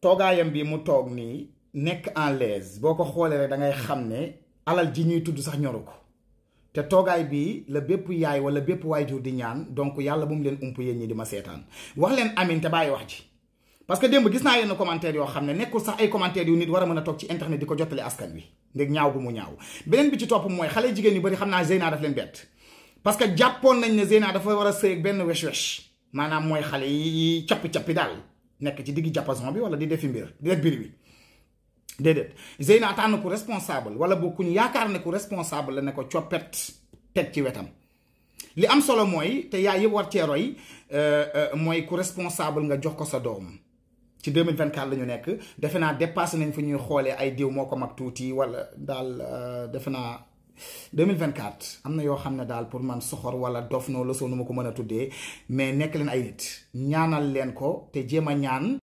toogaayam bi mu toog nii nekk en l'aise boo ko xoolee rek da ngay xam ne alal ji ñuy tudd sax ñoru ko te toogaay bi la bépp yaay wala bépp jur di ñaan donc yàlla bu mu leen ump yéen ñi di ma seetaan wax leen amin te bàyyi wax ji parce que démb gis naa yenn commentaire yoo xam ne nekkul sax ay commentaire yu nit war a mën a toog ci internet di ko jottali askan wi ndeg ñaaw bu mu ñaaw beneen bi ci topp mooy xale jigéen yu bëri xam naa Zeyna daf leen bett parce que jàppoon nañ ne Zeyna dafa war a sëy benn wesh maanaam mooy xale yi cappi-cappi daal nekk ci digg jàppason bi wala di def mbir di def biir bi déedéet Zeyna tànn ku responsable wala bu ku yaakaar ne ku responsable la ne ko coppet teg ci wetam li am solo mooy te yaa yëpp war cee roy euh, euh, mooy ku responsable nga jox ko sa doom ci deux 2024 la ñu nekk defe naa dépassé nañ fu ñuy xoolee ay diw moo ko mag tuuti wala daal euh, defe naa 2024 am na yoo xam ne daal pour man soxor wala dof noo la soo nu ma ko mën a tuddee mais nekk leen ay nit ñaanal leen ko te jéem a ñaan